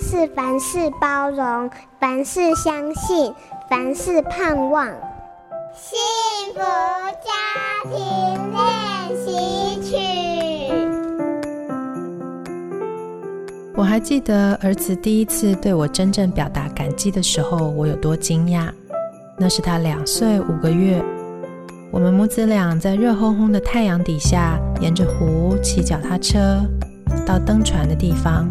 是凡事包容，凡事相信，凡事盼望。幸福家庭練習曲。我還記得兒子第一次對我真正表達感激的時候，我有多驚訝。那是他兩歲五個月，我們母子倆在熱烘烘的太陽底下，沿着湖騎腳踏車到登船的地方。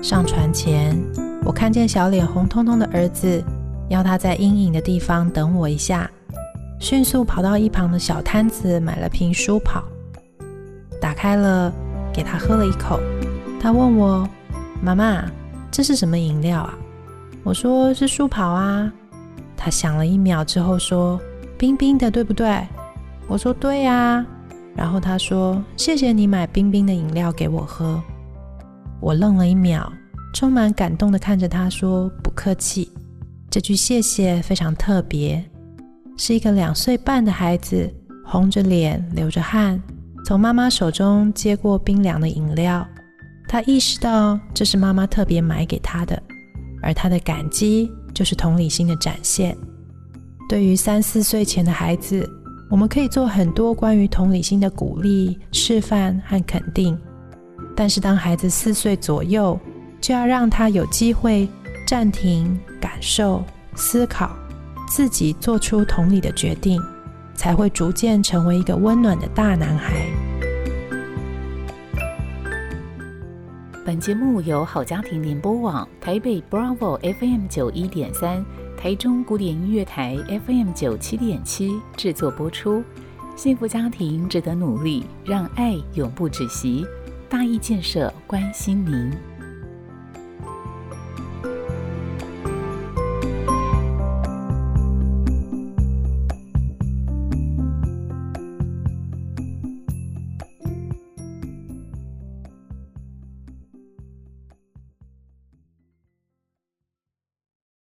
上船前，我看見小臉紅彤彤的兒子，要他在陰影的地方等我一下。迅速跑到一旁的小攤子，買了瓶舒跑，打開了，給他喝了一口。他問我：“媽媽，這是什麼飲料啊？”我說：“是舒跑啊。”他想了一秒之後說：“冰冰的，對不對？”我說：“對呀。”然後他說：“謝謝你買冰冰的飲料給我喝。”我愣了一秒。充滿感動的看着他說：“不客氣。”這句謝謝非常特別，是一個兩歲半的孩子紅着臉、流着汗，從媽媽手中接過冰涼的飲料。他意識到這是媽媽特別買給他的，而他的感激就是同理心的展現。對於三四歲前的孩子，我們可以做很多關於同理心的鼓勵、示範和肯定。但是當孩子四歲左右，就要讓他有機會暫停、感受、思考，自己做出同理的決定，才會逐漸成為一個溫暖的大男孩。本節目由好家庭聯播網台北 Bravo FM 九一點三、台中古典音樂台 FM 九七點七制作播出。幸福家庭值得努力，讓愛永不止息。大義建設關心您。